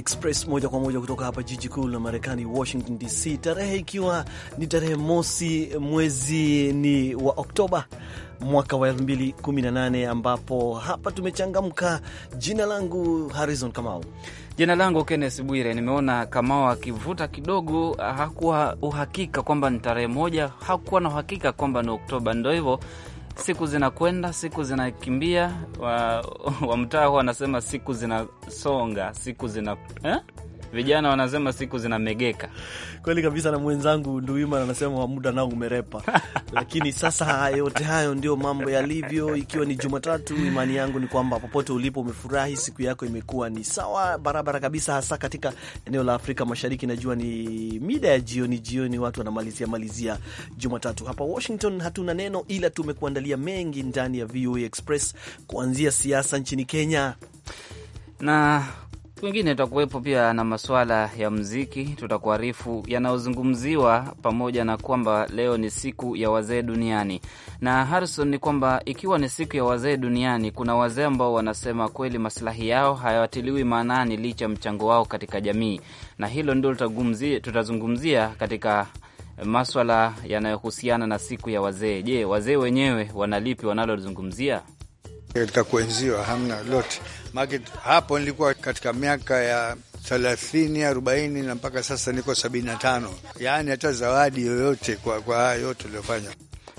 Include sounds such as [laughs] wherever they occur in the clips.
Express moja kwa moja kutoka hapa jiji kuu la Marekani, Washington DC, tarehe ikiwa ni tarehe mosi, mwezi ni wa Oktoba mwaka wa 2018 ambapo hapa tumechangamka. Jina langu Harrison Kamau. Jina langu kennes Bwire. Nimeona Kamau akivuta kidogo, hakuwa uhakika kwamba ni tarehe moja, hakuwa na uhakika kwamba ni Oktoba, ndo hivyo siku zinakwenda, siku zinakimbia. Wa, [laughs] wa mtaa huwa wanasema siku zinasonga, siku zina eh? Vijana wanasema siku zinamegeka kweli kabisa, na mwenzangu Nduima anasema muda nao umerepa. [laughs] Lakini sasa yote hayo ndio mambo yalivyo, ikiwa ni Jumatatu. Imani yangu ni kwamba popote ulipo umefurahi, siku yako imekuwa ni sawa barabara kabisa, hasa katika eneo la Afrika Mashariki. Najua ni mida ya jioni, jioni watu wanamalizia malizia Jumatatu. Hapa Washington hatuna neno, ila tumekuandalia mengi ndani ya VOA e Express, kuanzia siasa nchini Kenya na Kwingine tutakuwepo pia na masuala ya mziki, tutakuarifu yanayozungumziwa, pamoja na kwamba leo ni siku ya wazee duniani. Na Harrison, ni kwamba ikiwa ni siku ya wazee duniani, kuna wazee ambao wanasema kweli masilahi yao hayawatiliwi maanani licha ya mchango wao katika jamii, na hilo ndio tutazungumzia katika maswala yanayohusiana na siku ya wazee. Je, wazee wenyewe wanalipi wanalozungumzia? Katika kuenziwa hamna lote market hapo. Nilikuwa katika miaka ya thelathini arobaini na mpaka sasa niko sabini na tano yaani hata zawadi yoyote kwa, kwa haya yote uliofanya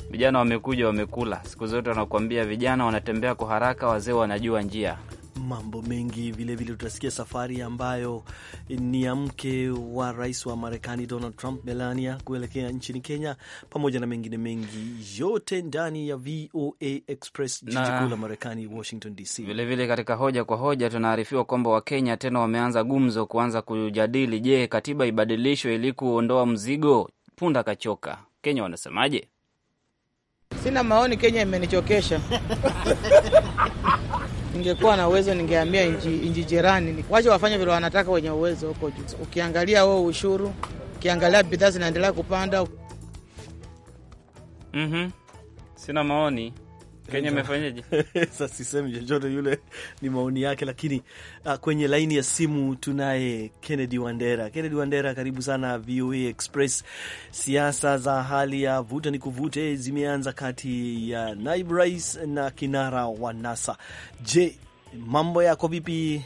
Vijana wamekuja wamekula, siku zote wanakuambia vijana wanatembea kwa haraka, wazee wanajua njia mambo mengi vilevile. Tutasikia safari ambayo ni ya mke wa rais wa Marekani Donald Trump, Melania, kuelekea nchini Kenya, pamoja na mengine mengi, yote ndani ya VOA Express, jiji kuu la Marekani, Washington DC. Vilevile katika hoja kwa hoja tunaarifiwa kwamba Wakenya tena wameanza gumzo, kuanza kujadili, je, katiba ibadilishwe ili kuondoa mzigo punda kachoka. Kenya wanasemaje? Sina maoni, Kenya imenichokesha [laughs] Ningekuwa na uwezo ningeambia inji jirani wache wafanye vile wanataka, wenye uwezo huko juu. Ukiangalia wao ushuru, ukiangalia bidhaa zinaendelea kupanda. mm -hmm. Sina maoni. Kenya imefanyaje? [laughs] Sasa sisemi chochote, yule ni maoni yake, lakini uh, kwenye laini ya simu tunaye Kennedy Wandera. Kennedy Wandera, karibu sana VOA Express. Siasa za hali ya vuta ni kuvute zimeanza kati ya naibu rais na kinara wa NASA. Je, mambo yako vipi?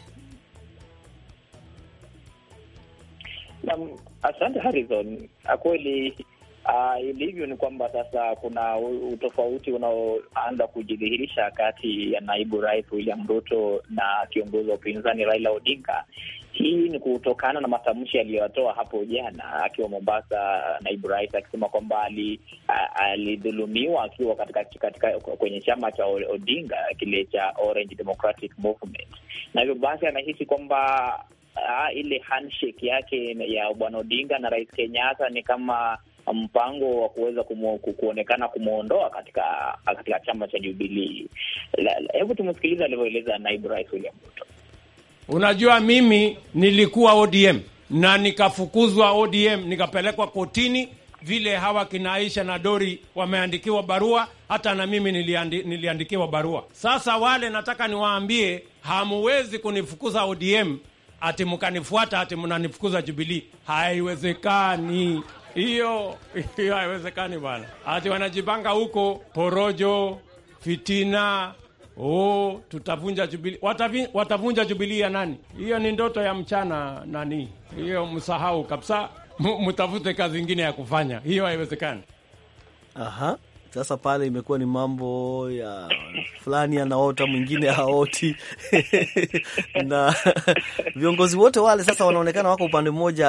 Asante Harrison, kweli Uh, ah, ilivyo ni kwamba sasa kuna utofauti unaoanza kujidhihirisha kati ya naibu rais William Ruto na kiongozi wa upinzani Raila Odinga. Hii ni kutokana na matamshi aliyoyatoa hapo jana akiwa Mombasa, naibu rais akisema kwamba alidhulumiwa akiwa katika, katika kwenye chama cha Odinga kile cha Orange Democratic Movement, na hivyo basi anahisi kwamba ile handshake yake ya bwana Odinga na rais Kenyatta ni kama mpango wa kuweza kuonekana kumwondoa katika katika chama cha Jubilii. Hebu tumesikiliza alivyoeleza naibu rais William Ruto. Unajua, mimi nilikuwa ODM na nikafukuzwa ODM, nikapelekwa kotini vile hawa kinaisha na Dori wameandikiwa barua, hata na mimi niliandi, niliandikiwa barua. Sasa wale nataka niwaambie, hamuwezi kunifukuza ODM ati mkanifuata ati mnanifukuza Jubilii, haiwezekani hiyo hiyo haiwezekani bwana. Ati wanajipanga huko porojo, fitina Oh, tutavunja Jubilee. Watavunja Jubilee ya nani? Hiyo ni ndoto ya mchana nani? Hiyo msahau kabisa, mtafute kazi ingine ya kufanya. Hiyo haiwezekani. Aha. Sasa pale imekuwa ni mambo ya fulani anaota, mwingine haoti [laughs] na viongozi wote wale sasa wanaonekana wako upande mmoja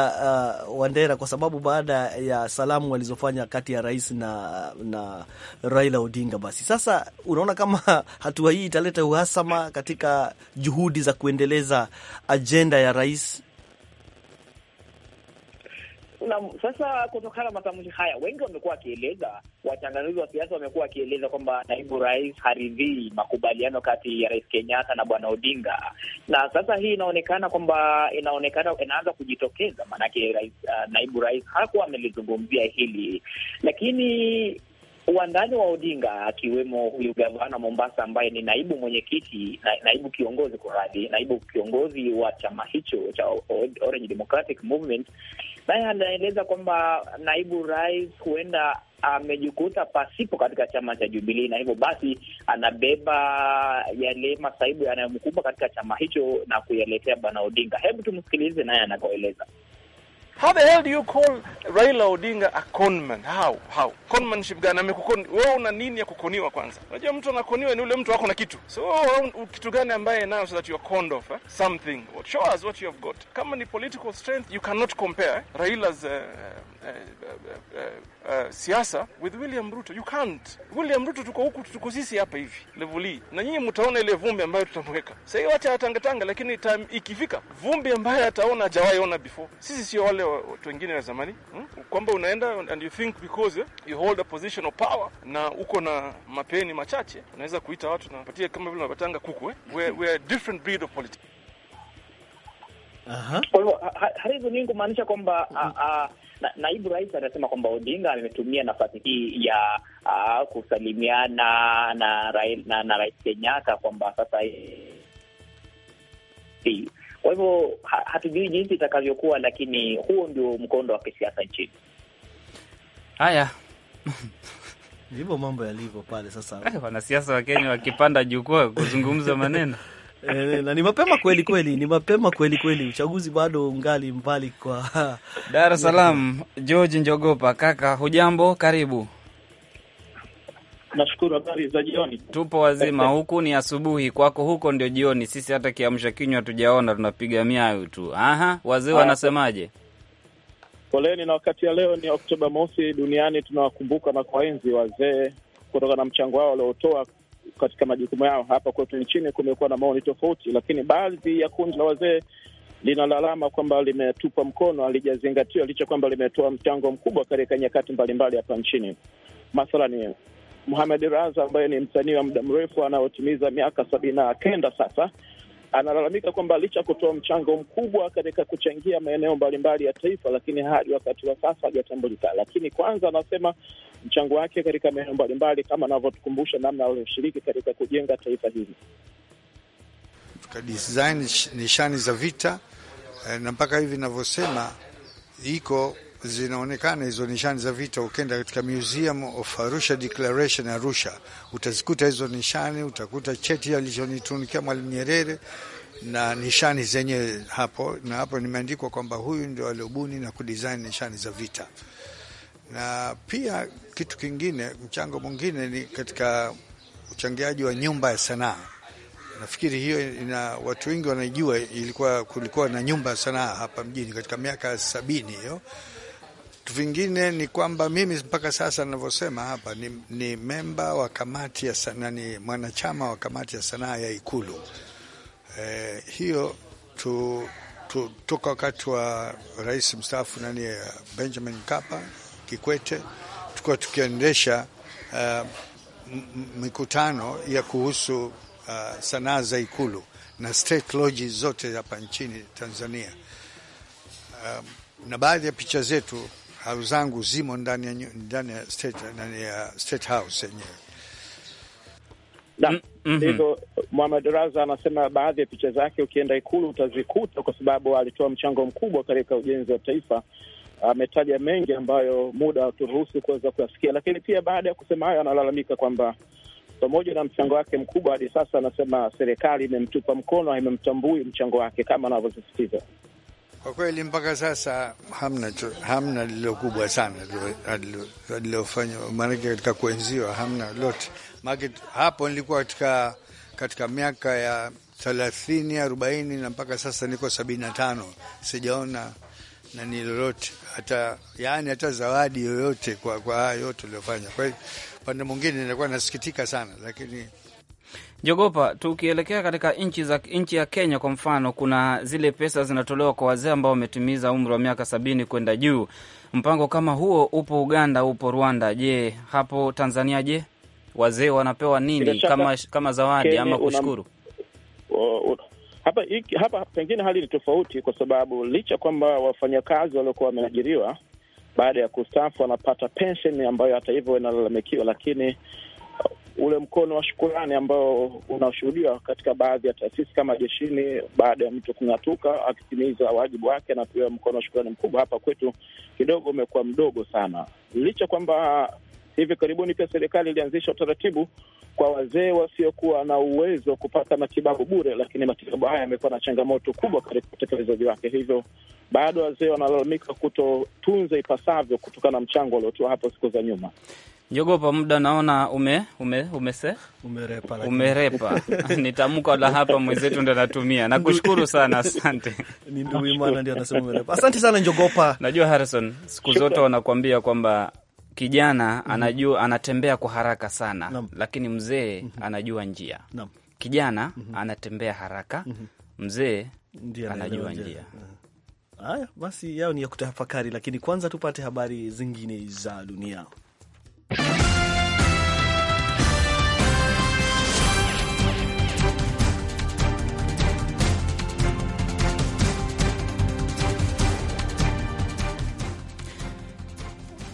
uh, wa Ndera, kwa sababu baada ya salamu walizofanya kati ya rais na, na Raila Odinga, basi sasa unaona kama hatua hii italeta uhasama katika juhudi za kuendeleza ajenda ya rais na sasa, kutokana na matamshi haya, wengi wamekuwa wakieleza, wachanganuzi wa siasa wamekuwa wakieleza kwamba naibu rais haridhii makubaliano kati ya rais Kenyatta na bwana Odinga, na sasa hii inaonekana kwamba inaonekana inaanza kujitokeza, maanake rais, uh, naibu rais hakuwa amelizungumzia hili lakini wandani wa Odinga akiwemo huyu gavana Mombasa ambaye ni naibu mwenyekiti na, naibu kiongozi kuradhi, naibu kiongozi wa chama hicho cha Orange Democratic Movement naye anaeleza kwamba naibu rais huenda amejikuta pasipo katika chama cha Jubilii na hivyo basi anabeba yale masaibu yanayomkumba katika chama hicho na kuyaletea Bwana Odinga. Hebu tumsikilize naye anavyoeleza. How the hell do you call Raila Odinga a conman? How? How? Conmanship gani amekukoni? Wewe una nini ya kukoniwa kwanza? Unajua mtu anakoniwa ni ule mtu wako na kitu. So kitu gani ambaye nayo so that you are conned of eh? something. Show us what you have got. Kama ni political strength you cannot compare eh? Raila's uh, uh, siasa with William Ruto you can't. William Ruto tuko huku, tuko sisi hapa hivi level hii, na nyinyi mtaona ile vumbi ambayo tutamweka sahii. Wacha atangatanga, lakini time ikifika, vumbi ambayo ataona hajawahi ona before. Sisi sio wale watu wengine wa zamani hmm? kwamba unaenda and you think because eh, you hold a position of power na uko na mapeni machache unaweza kuita watu na patia kama vile unapatanga kuku eh? we, we are different breed of politics kwa hivyo haridhuni kumaanisha kwamba naibu rais anasema kwamba Odinga ametumia nafasi hii ya uh, kusalimiana na, na, na rais Kenyatta kwamba sasa hii. Kwa hivyo ha, hatujui jinsi itakavyokuwa, lakini huo ndio mkondo wa kisiasa nchini. Haya, ndivyo mambo yalivyo pale sasa, eh, wanasiasa wa Kenya wakipanda jukwaa kuzungumza maneno Eh, na ni mapema kweli kweli, ni mapema kweli kweli, uchaguzi bado ungali mbali. Kwa [laughs] Dar es Salaam, George Njogopa. Kaka hujambo, karibu. Nashukuru, habari za jioni. Tupo wazima, huku ni asubuhi kwako, huko ndio jioni. Sisi hata kiamsha kinywa tujaona, tunapiga miayo tu. Aha, wazee wanasemaje? Poleni na wakati ya leo ni Oktoba mosi duniani, tunawakumbuka na kuwaenzi wazee kutokana na mchango wao waliotoa katika majukumu yao. Hapa kwetu nchini kumekuwa na maoni tofauti, lakini baadhi ya kundi la wazee linalalama kwamba limetupwa mkono, alijazingatiwa licha kwamba limetoa mchango mkubwa katika nyakati mbalimbali hapa nchini. Mathalani Muhamed Raza ambaye ni msanii wa muda mrefu anaotimiza miaka sabini na kenda sasa Analalamika kwamba licha kutoa mchango mkubwa katika kuchangia maeneo mbalimbali ya taifa, lakini hadi wakati wa sasa hajatambulika. Lakini kwanza, anasema mchango wake katika maeneo mbalimbali, kama anavyotukumbusha namna alivyoshiriki katika kujenga taifa hili, tukadesign nishani za vita eh, na mpaka hivi navyosema iko zinaonekana hizo nishani za vita. Ukienda katika Museum of Arusha Declaration Arusha utazikuta hizo nishani, utakuta cheti alichonitunikia Mwalimu Nyerere na nishani zenye hapo, na hapo nimeandikwa kwamba huyu ndio aliobuni na kudesign nishani za vita. Na pia kitu kingine, mchango mwingine ni katika uchangiaji wa nyumba ya sanaa. Nafikiri hiyo ina watu wengi wanajua ilikuwa kulikuwa na nyumba ya sanaa hapa mjini katika miaka sabini hiyo kitu vingine ni kwamba mimi mpaka sasa ninavyosema hapa ni, ni memba wa kamati ya sanaa, ni mwanachama wa kamati ya sanaa ya Ikulu. Eh, hiyo tu, tu, toka wakati wa rais mstaafu nani eh, Benjamin Mkapa Kikwete tulikuwa tukiendesha uh, mikutano ya kuhusu uh, sanaa za Ikulu na state lodges zote hapa nchini Tanzania. Um, na baadhi ya picha zetu haru zangu zimo ndani ya state, state house yenyewe mm ndivyo mhm. -hmm. Raza anasema baadhi ya picha zake ukienda Ikulu utazikuta kwa sababu alitoa mchango mkubwa katika ujenzi wa taifa. Ametaja mengi ambayo muda haturuhusu kuweza kuyasikia, lakini pia baada ya kusema hayo analalamika kwamba pamoja na mchango wake mkubwa hadi sasa, anasema serikali imemtupa mkono, haimemtambui mchango wake kama anavyosisitiza. Kwa kweli mpaka sasa hamna hamna lilo kubwa sana alilofanya, maanake katika kuenziwa hamna lote. Maanake hapo nilikuwa katika katika miaka ya thelathini arobaini na mpaka sasa niko sabini na tano sijaona nani lolote hata yani hata zawadi yoyote kwa haya yote uliofanya. Kwa hiyo upande mwingine nilikuwa nasikitika sana, lakini Jogopa, tukielekea katika nchi za nchi ya Kenya kwa mfano, kuna zile pesa zinatolewa kwa wazee ambao wametimiza umri wa miaka sabini kwenda juu. Mpango kama huo upo Uganda, upo Rwanda. Je, hapo Tanzania, je, wazee wanapewa nini kama, kama zawadi ama kushukuru Hapa, hapa pengine hali ni tofauti kwa sababu licha kwamba wafanyakazi waliokuwa wameajiriwa baada ya kustaafu wanapata pensheni ambayo hata hivyo inalalamikiwa, lakini ule mkono wa shukurani ambao unashuhudiwa katika baadhi ya taasisi kama jeshini, baada ya mtu kung'atuka akitimiza wajibu wake, na pia mkono wa shukurani mkubwa. Hapa kwetu kidogo umekuwa mdogo sana, licha kwamba hivi karibuni pia serikali ilianzisha utaratibu kwa wazee wasiokuwa na uwezo wa kupata matibabu bure, lakini matibabu haya yamekuwa na changamoto kubwa katika utekelezaji wake. Hivyo bado wazee wanalalamika kutotunza ipasavyo kutokana na mchango waliotoa hapo siku za nyuma njogopa muda naona ume, ume, umese umerepa, umerepa. [laughs] ni tamko la hapa mwenzetu ndo anatumia. Nakushukuru sana, asante. Ni Nduwimana ndio anasema umerepa. Asante sana Njogopa. Najua Harrison, siku zote wanakuambia kwamba kijana mhm. anajua anatembea kwa haraka sana Nam. lakini mzee mhm. anajua njia Nam. kijana mhm. anatembea haraka, mzee anajua njia. Eh. Haya basi, yao ni ya kutafakari, lakini kwanza tupate habari zingine za dunia.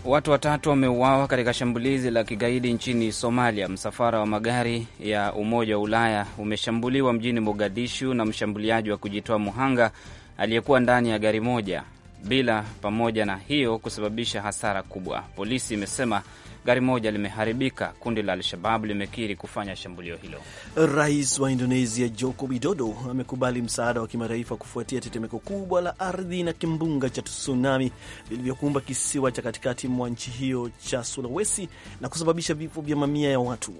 Watu watatu wameuawa katika shambulizi la kigaidi nchini Somalia. Msafara wa magari ya Umoja wa Ulaya umeshambuliwa mjini Mogadishu na mshambuliaji wa kujitoa muhanga aliyekuwa ndani ya gari moja bila pamoja na hiyo kusababisha hasara kubwa, polisi imesema gari moja limeharibika. Kundi la Al-Shababu limekiri kufanya shambulio hilo. Rais wa Indonesia Joko Widodo amekubali msaada wa kimataifa kufuatia tetemeko kubwa la ardhi na kimbunga cha tsunami vilivyokumba kisiwa cha katikati mwa nchi hiyo cha Sulawesi na kusababisha vifo vya mamia ya watu.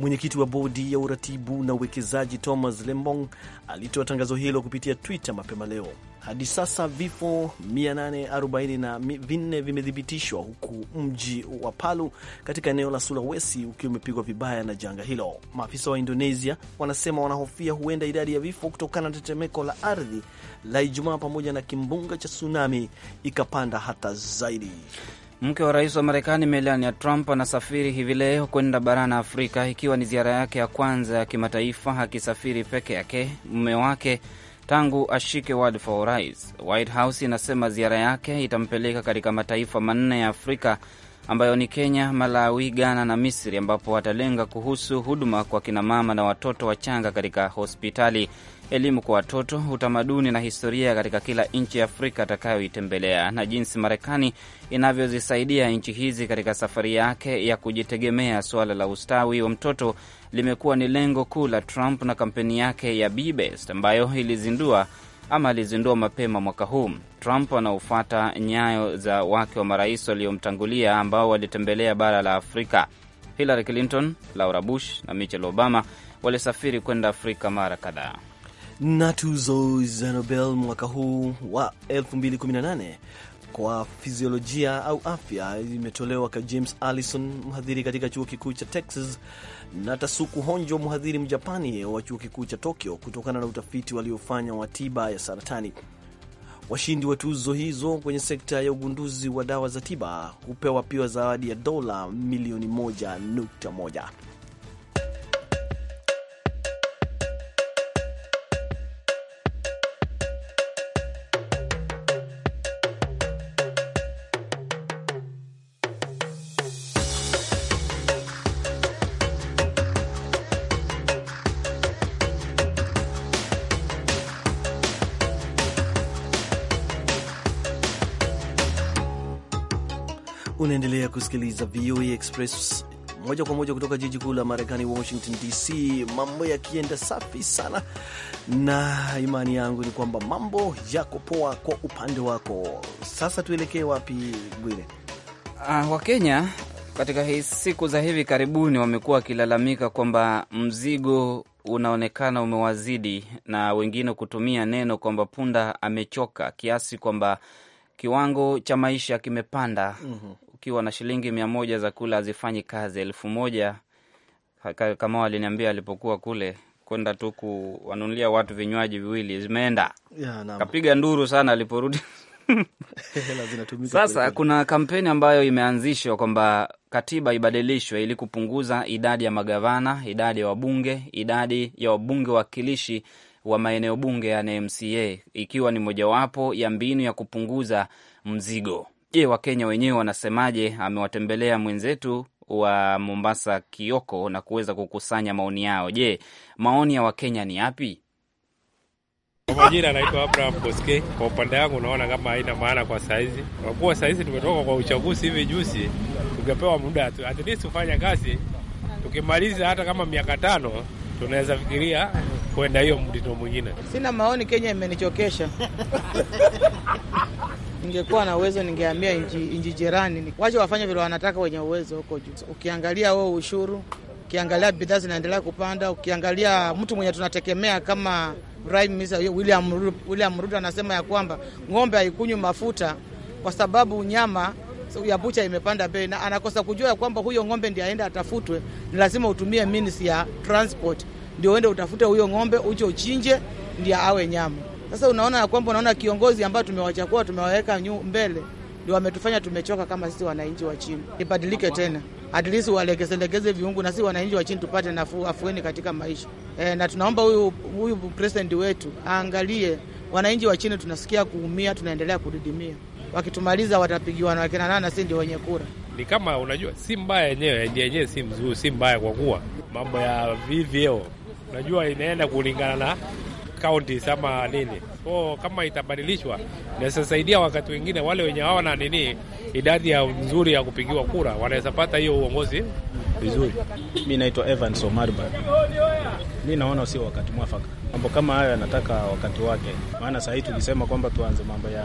Mwenyekiti wa bodi ya uratibu na uwekezaji Thomas Lembong alitoa tangazo hilo kupitia Twitter mapema leo. Hadi sasa vifo 844 vimethibitishwa huku mji wa Palu katika eneo la Sulawesi ukiwa umepigwa vibaya na janga hilo. Maafisa wa Indonesia wanasema wanahofia huenda idadi ya vifo kutokana na tetemeko la ardhi la Ijumaa pamoja na kimbunga cha tsunami ikapanda hata zaidi. Mke wa rais wa Marekani Melania Trump anasafiri hivi leo kwenda barani Afrika, ikiwa ni ziara yake ya kwanza ya kimataifa, akisafiri peke yake mume wake tangu ashike wadhifa wa urais. White House inasema ziara yake itampeleka katika mataifa manne ya Afrika ambayo ni Kenya, Malawi, Ghana na Misri, ambapo watalenga kuhusu huduma kwa kinamama na watoto wachanga katika hospitali elimu kwa watoto, utamaduni na historia katika kila nchi ya Afrika atakayoitembelea na jinsi Marekani inavyozisaidia nchi hizi katika safari yake ya kujitegemea. Suala la ustawi wa mtoto limekuwa ni lengo kuu la Trump na kampeni yake ya Be Best ambayo ilizindua ama alizindua mapema mwaka huu. Trump anaofuata nyayo za wake wa marais waliomtangulia ambao walitembelea bara la Afrika. Hillary Clinton, Laura Bush na Michelle Obama walisafiri kwenda Afrika mara kadhaa na tuzo za Nobel mwaka huu wa 2018 kwa fiziolojia au afya imetolewa kwa James Allison, mhadhiri katika chuo kikuu cha Texas, na Tasuku Honjo, mhadhiri Mjapani wa chuo kikuu cha Tokyo, kutokana na utafiti waliofanya wa tiba ya saratani. Washindi wa tuzo hizo kwenye sekta ya ugunduzi wa dawa za tiba hupewa pia zawadi ya dola milioni 1.1. Unaendelea kusikiliza VOA Express moja kwa moja kutoka jiji kuu la Marekani, Washington DC. Mambo yakienda safi sana, na imani yangu ni kwamba mambo yako poa kwa upande wako. Sasa tuelekee wapi, Bwire? Uh, ah, Wakenya katika hii siku za hivi karibuni wamekuwa wakilalamika kwamba mzigo unaonekana umewazidi, na wengine kutumia neno kwamba punda amechoka, kiasi kwamba kiwango cha maisha kimepanda. mm -hmm ukiwa na shilingi mia moja za kula hazifanyi kazi. Elfu moja kama waliniambia alipokuwa kule kwenda tu kuwanunulia watu vinywaji viwili zimeenda yeah, kapiga nduru sana aliporudi. [laughs] Sasa kuna kampeni ambayo imeanzishwa kwamba katiba ibadilishwe ili kupunguza idadi ya magavana, idadi ya wabunge, idadi ya wabunge wawakilishi wa maeneo bunge, yani MCA, ikiwa ni mojawapo ya mbinu ya kupunguza mzigo Je, Wakenya wenyewe wanasemaje? Amewatembelea mwenzetu wa Mombasa Kioko na kuweza kukusanya maoni yao. Je, maoni ya Wakenya ni yapi? Kwa majina anaitwa Abraham Boske. Kwa upande wangu unaona kama haina maana kwa saizi, kwa kuwa saizi tumetoka kwa uchaguzi hivi juzi. Tungepewa muda at least kufanya kazi, tukimaliza hata kama miaka tano tunaweza fikiria kwenda hiyo mdito mwingine. Sina maoni, Kenya imenichokesha [laughs] Ningekuwa na uwezo ningeambia nchi jirani waje wafanye vile wanataka, wenye uwezo huko juu. Ukiangalia huo ushuru, ukiangalia bidhaa zinaendelea kupanda, ukiangalia mtu mwenye tunategemea kama Prime Minister William, William Ruto anasema ya kwamba ng'ombe haikunywi mafuta kwa sababu nyama so ya bucha imepanda bei, na anakosa kujua ya kwamba huyo ng'ombe ndiye aende atafutwe, ni lazima utumie means ya transport, ndio uende utafute huyo ng'ombe uje uchinje, ndiye awe nyama. Sasa unaona ya kwamba unaona kiongozi ambao tumewachagua tumewaweka mbele ndio wametufanya tumechoka kama sisi wananchi wa chini. Ibadilike tena, at least walegezelegeze viungu na sisi wananchi wa chini tupate nafu, afueni katika maisha e, na tunaomba huyu huyu president wetu aangalie wananchi wa chini, tunasikia kuumia, tunaendelea kudidimia. Wakitumaliza watapigiwa na wakina nana, sisi ndio wenye kura? Ni kama unajua, si mbaya yenyewe yenyewe, si mzuri, si mbaya kwa kuwa mambo ya vivyo, unajua inaenda kulingana na counties ama nini. So kama itabadilishwa, inaweza saidia wakati wengine wale wenye hawana nini idadi ya nzuri ya kupigiwa kura, wanaweza pata hiyo uongozi vizuri. Mi naitwa Evan Somarba. Mi naona sio wakati mwafaka, mambo kama hayo yanataka wakati wake, maana saa tulisema kwamba tuanze mambo ya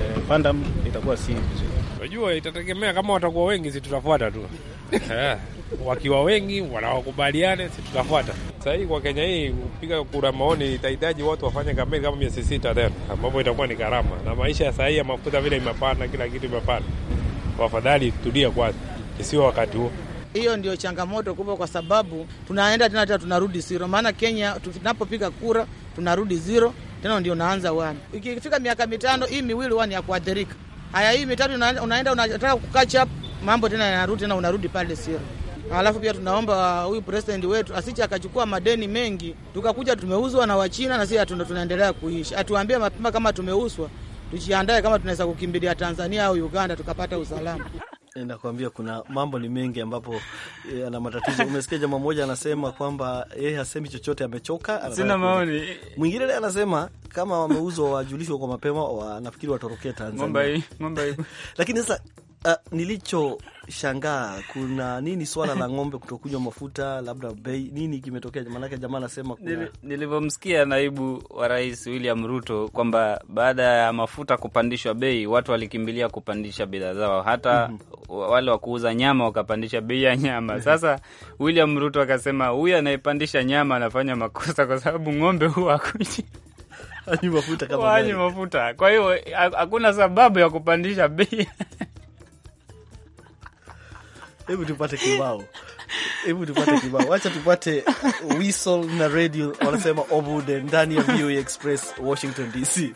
eh, pandam itakuwa si vizuri Unajua itategemea kama watakuwa wengi, si tutafuata tu [laughs] eh, wakiwa wengi wanawakubaliane, si tutafuata. Sasa hii kwa Kenya hii kupiga kura maoni itahitaji watu wafanye kampeni kama miezi sita tena, ambapo itakuwa ni gharama na maisha saa hii ya mafuta vile imepanda, kila kitu imepanda. Wafadhali tulia kwanza, isiwe wakati huo. Hiyo ndio changamoto kubwa, kwa sababu tunaenda tena tena tunarudi zero. Maana Kenya tunapopiga kura tunarudi zero tena, ndio naanza wani, ikifika miaka mitano hii miwili wani ya kuathirika Haya, hii mitatu unaenda unataka kukatch up mambo tena yanarudi tena unarudi pale siri. Alafu pia tunaomba uh, huyu president wetu asiche akachukua madeni mengi, tukakuja tumeuzwa na Wachina na sisi tunaendelea kuishi. Atuambie mapema kama tumeuzwa, tujiandae kama tunaweza kukimbilia Tanzania au Uganda tukapata usalama. Nakwambia kuna mambo ni mengi ambapo eh, ana matatizo. Umesikia jamaa mmoja anasema kwamba yeye eh, hasemi chochote, amechoka, sina maoni. Mwingine naye anasema kama wameuzwa wajulishwa kwa mapema, wanafikiri watorokee Tanzania. [laughs] Lakini sasa uh, nilicho shangaa kuna nini swala la ng'ombe kutokunywa mafuta, labda bei nini kimetokea? Maanake jamaa anasema kuna... nilivyomsikia naibu wa rais William Ruto kwamba baada ya mafuta kupandishwa bei, watu walikimbilia kupandisha bidhaa zao, hata mm -hmm. wale wa kuuza nyama wakapandisha bei ya nyama. Mhm. Sasa William Ruto akasema huyu anayepandisha nyama anafanya makosa kwa sababu ng'ombe huwa akuji mafuta, mafuta. Kwa hiyo hakuna sababu ya kupandisha bei [laughs] Hebu tupate kibao, hebu tupate kibao, wacha tupate whistle na radio wanasema obude ndani ya VOA e Express Washington DC.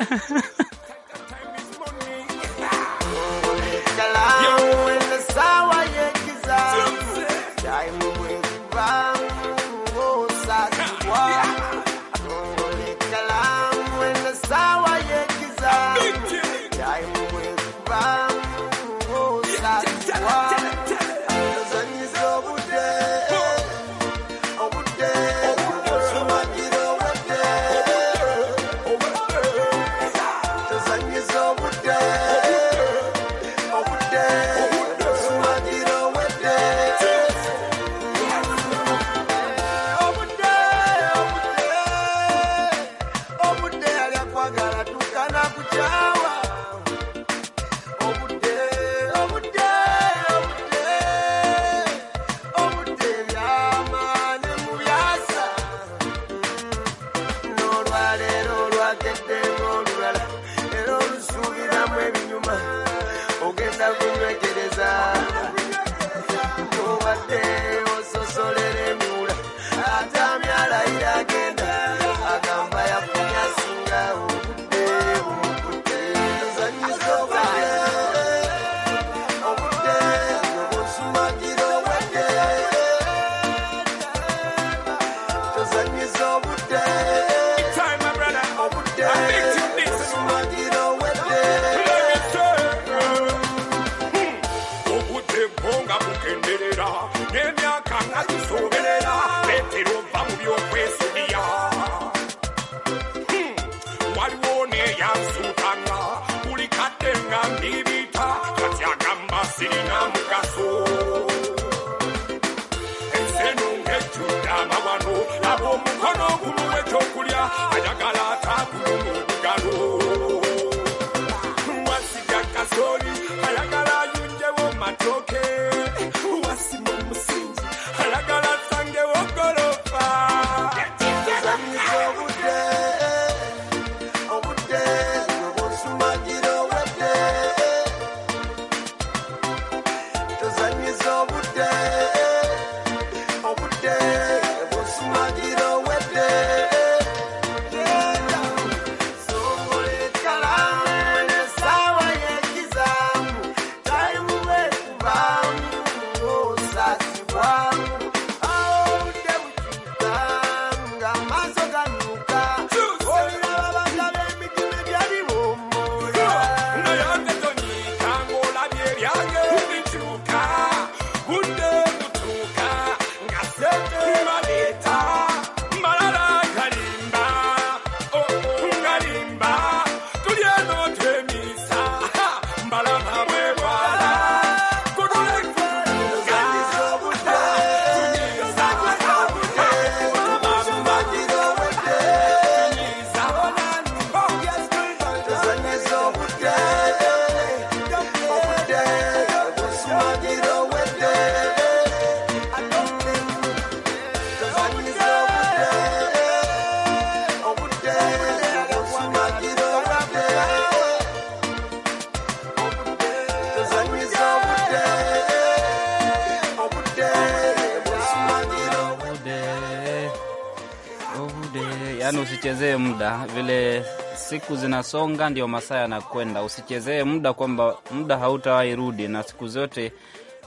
muda vile siku zinasonga, ndio masaa yanakwenda. Usichezee muda kwamba muda hautawahi rudi, na siku zote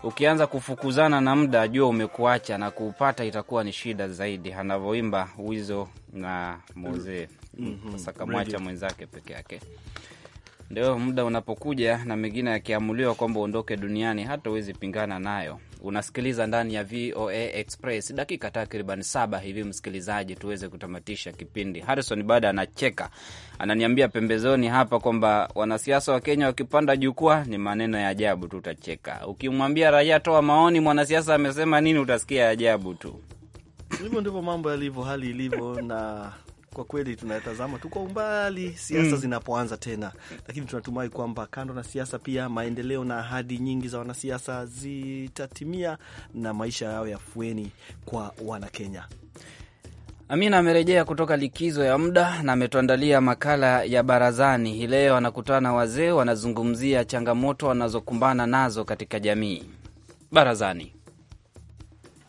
ukianza kufukuzana na muda, jua umekuacha na kuupata itakuwa ni shida zaidi, anavyoimba Wizo na Mozee mm -hmm. mwenzake peke yake. Ndio muda unapokuja, na mengine yakiamuliwa kwamba uondoke duniani, hata uwezi pingana nayo. Unasikiliza ndani ya VOA Express, dakika takriban saba hivi, msikilizaji, tuweze kutamatisha kipindi. Harrison bado anacheka, ananiambia pembezoni hapa kwamba wanasiasa wa Kenya wakipanda jukwaa ni maneno ya ajabu tu, utacheka. Ukimwambia raia toa maoni, mwanasiasa amesema nini, utasikia ajabu tu. Hivyo ndivyo mambo yalivyo, hali ilivyo na kwa kweli tunatazama tu kwa umbali siasa mm, zinapoanza tena, lakini tunatumai kwamba kando na siasa pia maendeleo na ahadi nyingi za wanasiasa zitatimia na maisha yao ya fueni kwa Wanakenya. Amina amerejea kutoka likizo ya muda na ametuandalia makala ya barazani hii leo. Anakutana wazee, wanazungumzia changamoto wanazokumbana nazo katika jamii. Barazani.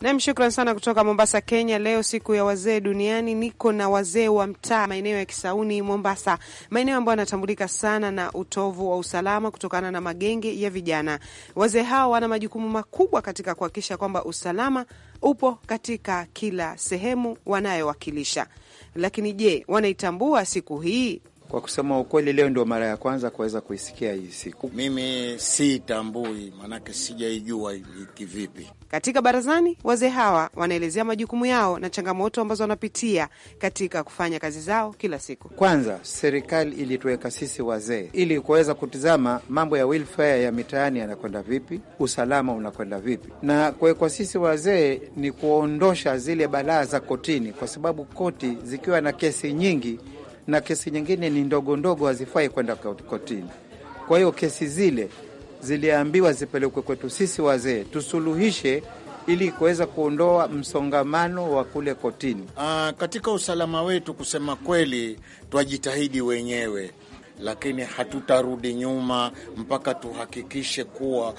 Nam, shukran sana kutoka Mombasa, Kenya. Leo siku ya wazee duniani, niko na wazee wa mtaa maeneo ya Kisauni, Mombasa, maeneo ambayo yanatambulika sana na utovu wa usalama kutokana na magenge ya vijana. Wazee hao wana majukumu makubwa katika kuhakikisha kwamba usalama upo katika kila sehemu wanayowakilisha. Lakini je, wanaitambua siku hii? Kwa kusema ukweli, leo ndio mara ya kwanza kuweza kuisikia hii siku. Mimi siitambui, maanake sijaijua kivipi. Katika barazani, wazee hawa wanaelezea majukumu yao na changamoto ambazo wanapitia katika kufanya kazi zao kila siku. Kwanza, serikali ilituweka sisi wazee ili kuweza kutizama mambo ya welfare ya mitaani yanakwenda vipi, usalama unakwenda vipi, na kuwekwa sisi wazee ni kuondosha zile balaa za kotini, kwa sababu koti zikiwa na kesi nyingi na kesi nyingine ni ndogo ndogo, hazifai kwenda kotini. Kwa hiyo kesi zile ziliambiwa zipelekwe kwetu sisi wazee tusuluhishe ili kuweza kuondoa msongamano wa kule kotini. Aa, ah, katika usalama wetu kusema kweli twajitahidi wenyewe lakini hatutarudi nyuma mpaka tuhakikishe kuwa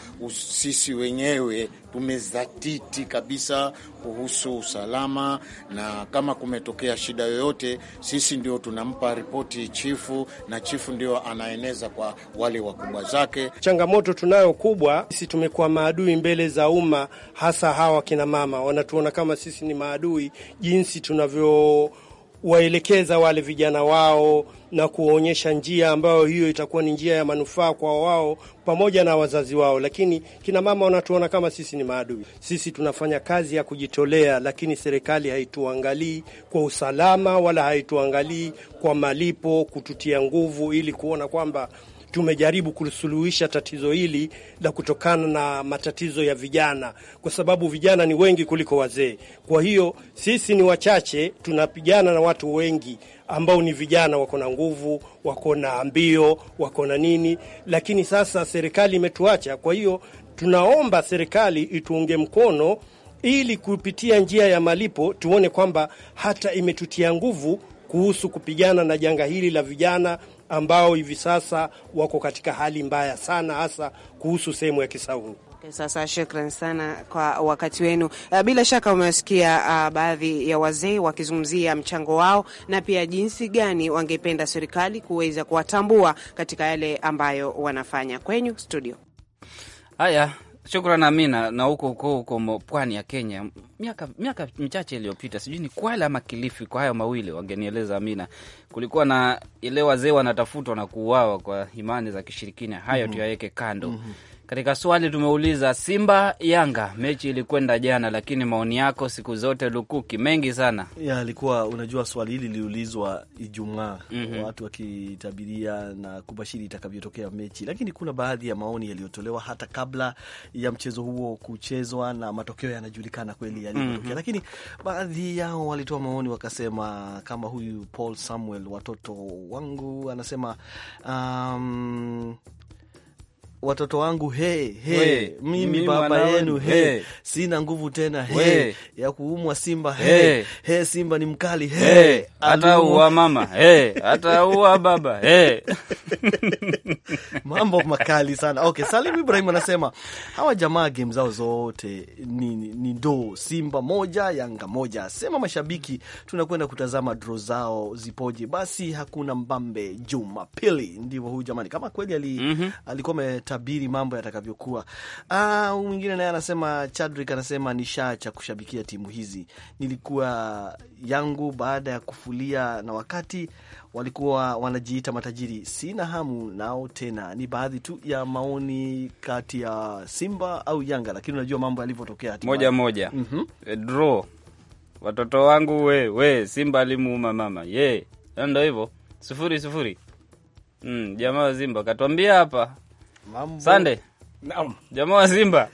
sisi wenyewe tumezatiti kabisa kuhusu usalama, na kama kumetokea shida yoyote, sisi ndio tunampa ripoti chifu, na chifu ndio anaeneza kwa wale wakubwa zake. Changamoto tunayo kubwa, sisi tumekuwa maadui mbele za umma, hasa hawa kina mama wanatuona kama sisi ni maadui, jinsi tunavyo waelekeza wale vijana wao na kuwaonyesha njia ambayo hiyo itakuwa ni njia ya manufaa kwa wao pamoja na wazazi wao. Lakini kina mama wanatuona kama sisi ni maadui. Sisi tunafanya kazi ya kujitolea, lakini serikali haituangalii kwa usalama wala haituangalii kwa malipo, kututia nguvu ili kuona kwamba tumejaribu kusuluhisha tatizo hili la kutokana na matatizo ya vijana, kwa sababu vijana ni wengi kuliko wazee. Kwa hiyo sisi ni wachache tunapigana na watu wengi ambao ni vijana, wako na nguvu, wako na mbio, wako na nini, lakini sasa serikali imetuacha. Kwa hiyo tunaomba serikali ituunge mkono ili kupitia njia ya malipo tuone kwamba hata imetutia nguvu kuhusu kupigana na janga hili la vijana ambao hivi sasa wako katika hali mbaya sana, hasa kuhusu sehemu ya Kisauni. Sasa shukran sana kwa wakati wenu. Eh, bila shaka umewasikia uh, eh, baadhi ya wazee wakizungumzia mchango wao na pia jinsi gani wangependa serikali kuweza kuwatambua katika yale ambayo wanafanya. Kwenyu studio, haya Shukran Amina. Na huko huko huko pwani ya Kenya, miaka miaka michache iliyopita, sijui ni Kwale ama Kilifi, kwa hayo mawili wangenieleza Amina, kulikuwa na ile wazee wanatafutwa na kuuawa kwa imani za kishirikina. Hayo mm -hmm. tuyaweke kando mm -hmm katika swali tumeuliza Simba Yanga, mechi ilikwenda jana, lakini maoni yako siku zote lukuki mengi sana likuwa Unajua, swali hili liliulizwa Ijumaa, mm -hmm. watu wakitabiria na kubashiri itakavyotokea mechi, lakini kuna baadhi ya maoni yaliyotolewa hata kabla ya mchezo huo kuchezwa na matokeo yanajulikana kweli yaliyotokea, mm -hmm. lakini baadhi yao walitoa maoni wakasema, kama huyu Paul Samuel, watoto wangu anasema um, watoto wangu he, he. We, mimi baba yenu he, sina nguvu tena he, ya kuumwa simba he, he, simba ni mkali he, uwa mama he, uwa baba he. [laughs] mambo makali sana. Okay, Salim Ibrahim anasema hawa jamaa game zao zote ni, ni ndoo Simba moja Yanga moja. Sema mashabiki tunakwenda kutazama dro zao zipoje, basi hakuna mbambe Jumapili. Ndivyo huyu jamani, kama kweli ali, mm -hmm. alikuwa kutabiri mambo yatakavyokuwa. Ah, mwingine naye anasema, Chadrick anasema ni shaa cha kushabikia timu hizi, nilikuwa yangu baada ya kufulia, na wakati walikuwa wanajiita matajiri, sina hamu nao tena. Ni baadhi tu ya maoni kati ya Simba au Yanga, lakini unajua mambo yalivyotokea moja moja. mm -hmm. Draw watoto wangu we, we Simba alimuuma mama ye, ndo hivyo sufuri sufuri. Mm, jamaa wa Simba katwambia hapa Mambo. Sande. Naam. Jamaa wa Simba. [laughs]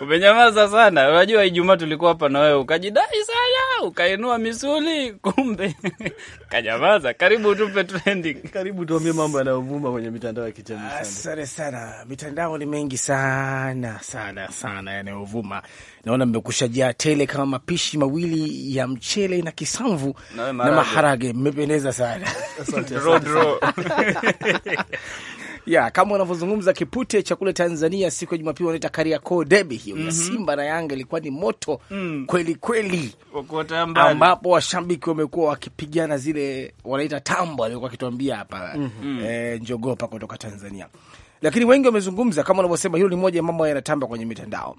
Umenyamaza sana. Unajua Ijumaa tulikuwa hapa na wewe ukajidai sana, ukainua misuli kumbe. [laughs] Kanyamaza. Karibu tupe trending. Karibu tuambie mambo yanayovuma kwenye mitandao ya kijamii sana. Asante sana. Mitandao ni mengi sana sana sana yanayovuma. Naona mmekushajia tele kama mapishi mawili ya mchele na kisamvu na, na maharage. Mmependeza sana. Asante. Rodro. [laughs] yeah, kama unavyozungumza kipute cha kule Tanzania siku ya Jumapili wanaita Kariakoo Derby hiyo mm -hmm. ya mhm. Simba na Yanga ilikuwa ni moto mm. kweli kweli, ambapo washabiki wamekuwa wakipigana zile wanaita tambo, alikuwa akituambia hapa mm -hmm. e, njogopa kutoka Tanzania, lakini wengi wamezungumza kama unavyosema, hilo ni moja ya mambo yanatamba kwenye mitandao.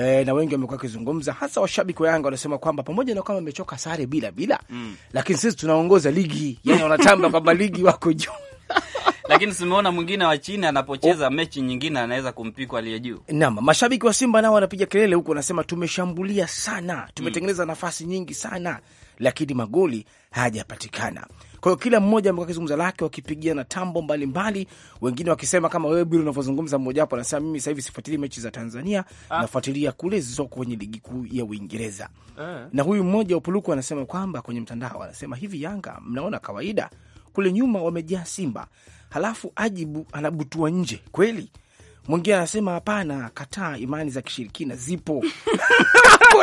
E, na wengi wamekuwa wakizungumza hasa washabiki wa Yanga wanasema kwamba pamoja na kwamba amechoka sare bila bila, mm. lakini sisi tunaongoza ligi, yani wanatamba kwamba ligi wako juu [laughs] lakini simeona mwingine wa chini anapocheza o, oh. mechi nyingine anaweza kumpikwa aliye juu. Naam, mashabiki wa Simba nao wanapiga kelele huku, wanasema tumeshambulia sana, tumetengeneza mm, nafasi nyingi sana, lakini magoli hayajapatikana. Kwa hiyo kila mmoja amekuwa akizungumza lake, wakipigiana tambo mbalimbali mbali, wengine wakisema kama wewe Biro unavyozungumza, mmoja wapo anasema mimi sahivi sifuatilii mechi za Tanzania ah, nafuatilia kule zilizoko kwenye ligi kuu ya Uingereza ah. Na huyu mmoja Upuluku anasema kwamba kwenye mtandao anasema hivi, Yanga mnaona kawaida kule nyuma wamejaa simba, halafu ajibu anabutua nje kweli. Mwingine anasema hapana, kataa, imani za kishirikina zipo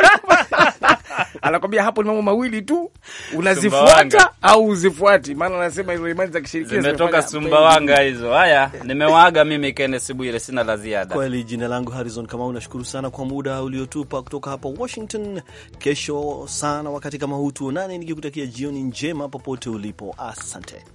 [laughs] [laughs] anakwambia hapo ni mambo mawili tu, unazifuata au uzifuati. Maana anasema hizo imani za kishirikina zimetoka Sumbawanga hizo. Haya, nimewaaga mimi Kenneth Bwire, sina la ziada kweli. Jina langu Harrison Kamau, nashukuru sana kwa muda uliotupa kutoka hapa Washington. Kesho sana wakati kama huu tuonane, nikikutakia jioni njema popote ulipo, asante.